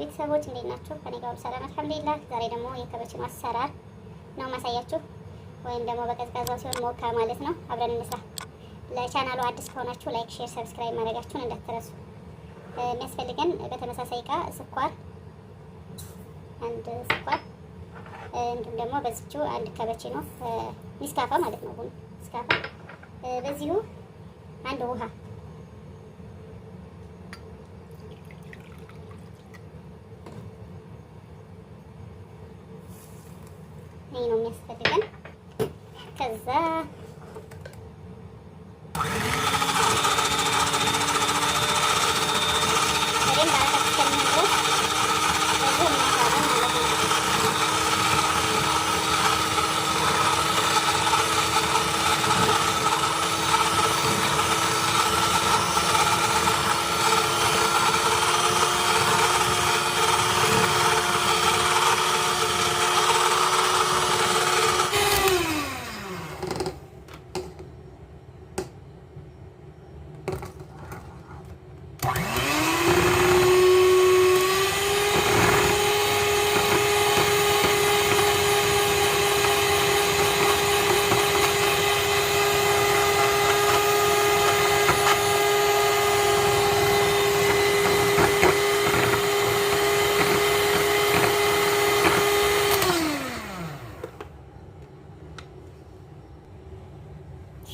ቤተሰቦች እንዴት ናቸው? ከኔ ጋር ሰላም አልሐምዱሊላህ። ዛሬ ደግሞ የከበችኑ አሰራር ነው ማሳያችሁ፣ ወይም ደግሞ በቀዝቃዛው ሲሆን ሞካ ማለት ነው። አብረን እንስራ። ለቻናሉ አዲስ ከሆናችሁ ላይክ፣ ሼር፣ ሰብስክራይብ ማድረጋችሁን እንዳትረሱ። የሚያስፈልገን በተመሳሳይ እቃ ስኳር፣ አንድ ስኳር እንዲሁም ደግሞ በዚችው አንድ ከበችኑ ነው ሚስካፋ ማለት ነው፣ ሚስካፋ በዚሁ አንድ ውሃ ይህ ነው የሚያስፈልገን ከዛ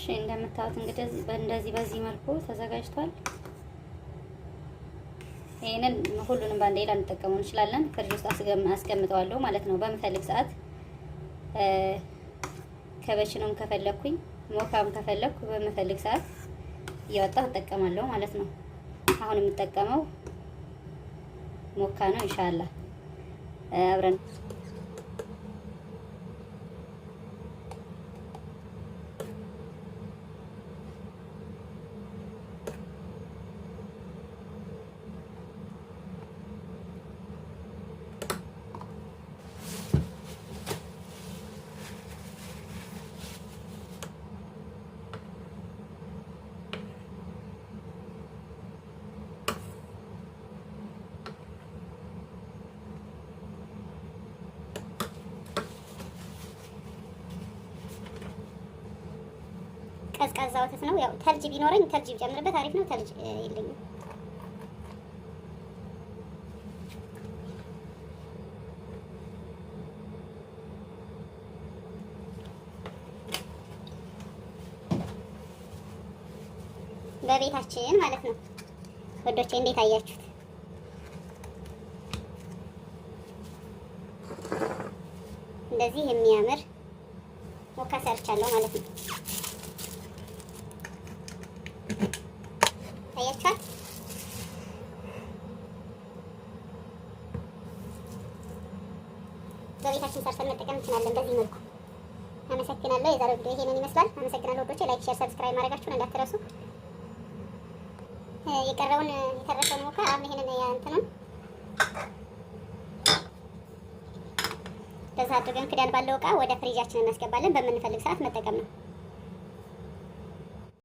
እሺ እንደምታዩት እንግዲህ እንደዚህ በዚህ መልኩ ተዘጋጅቷል። ይህንን ሁሉንም ባንዴ ልንጠቀመው እንችላለን። ፍሪጅ ውስጥ አስቀምጠዋለሁ ማለት ነው። በምፈልግ ሰዓት ከበሽኖም ከፈለኩኝ ሞካም ከፈለኩ በምፈልግ ሰዓት እያወጣሁ እጠቀማለሁ ማለት ነው። አሁን የምጠቀመው ሞካ ነው። ኢንሻአላህ አብረን ቀዝቃዛ ወተት ነው። ያው ተልጅ ቢኖረኝ ተልጅ ብጨምርበት አሪፍ ነው። ተልጅ የለኝም። በቤታችን ማለት ነው ወዶቼ፣ እንዴት አያችሁት? እንደዚህ የሚያምር ሞካ ሰርቻለሁ ማለት ነው። አያችኋል። በቤታችን ሰርተን መጠቀም እንችላለን በዚህ መልኩ። አመሰግናለሁ። የዛሬው ቪዲዮ ይሄንን ይመስላል። አመሰግናለሁ ወዶቼ። ላይክ፣ ሼር፣ ሰብስክራይብ ማድረጋችሁን እንዳትረሱ። የቀረውን የተረፈውን ሞካ አሁን ይሄንን ያንተንም በዛ አድርገን ክዳን ባለው እቃ ወደ ፍሪጃችን እናስገባለን። በምንፈልግ ሰዓት መጠቀም ነው።